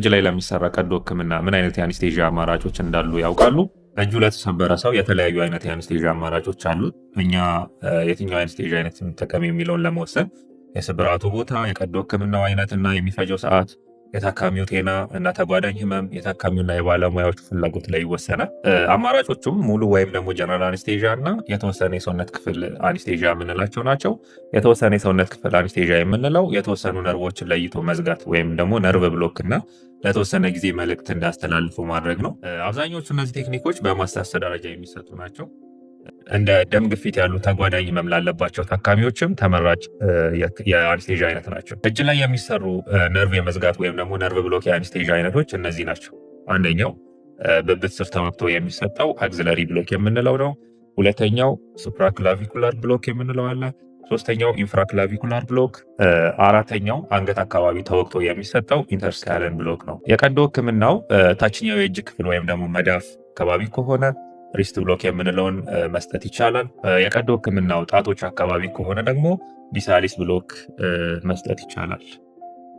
እጅ ላይ ለሚሰራ ቀዶ ህክምና ምን አይነት የአኒስቴዥያ አማራጮች እንዳሉ ያውቃሉ? እጁ ለተሰበረ ሰው የተለያዩ አይነት የአኒስቴዥያ አማራጮች አሉት። እኛ የትኛው አኒስቴዥያ አይነት የሚጠቀም የሚለውን ለመወሰን የስብራቱ ቦታ፣ የቀዶ ህክምናው አይነት እና የሚፈጀው ሰዓት፣ የታካሚው ጤና እና ተጓዳኝ ህመም የታካሚውና የባለሙያዎቹ ፍላጎት ላይ ይወሰናል። አማራጮቹም ሙሉ ወይም ደግሞ ጀነራል አኒስቴዥያ እና የተወሰነ የሰውነት ክፍል አኒስቴዥያ የምንላቸው ናቸው። የተወሰነ የሰውነት ክፍል አኒስቴዥያ የምንለው የተወሰኑ ነርቮችን ለይቶ መዝጋት ወይም ደግሞ ነርቭ ብሎክ እና ለተወሰነ ጊዜ መልእክት እንዳስተላልፉ ማድረግ ነው። አብዛኞቹ እነዚህ ቴክኒኮች በማስታሰብ ደረጃ የሚሰጡ ናቸው። እንደ ደም ግፊት ያሉ ተጓዳኝ ህመም ላለባቸው ታካሚዎችም ተመራጭ የአንስቴዥያ አይነት ናቸው። እጅ ላይ የሚሰሩ ነርቭ የመዝጋት ወይም ደግሞ ነርቭ ብሎክ የአንስቴዥ አይነቶች እነዚህ ናቸው። አንደኛው ብብት ስር ተወግቶ የሚሰጠው አግዝለሪ ብሎክ የምንለው ነው። ሁለተኛው ሱፕራክላቪኩላር ብሎክ የምንለው አለ። ሶስተኛው ኢንፍራክላቪኩላር ብሎክ፣ አራተኛው አንገት አካባቢ ተወቅቶ የሚሰጠው ኢንተርስካለን ብሎክ ነው። የቀዶ ህክምናው ታችኛው የእጅ ክፍል ወይም ደግሞ መዳፍ አካባቢ ከሆነ ሪስት ብሎክ የምንለውን መስጠት ይቻላል። የቀዶ ህክምናው ጣቶች አካባቢ ከሆነ ደግሞ ዲሳሊስ ብሎክ መስጠት ይቻላል።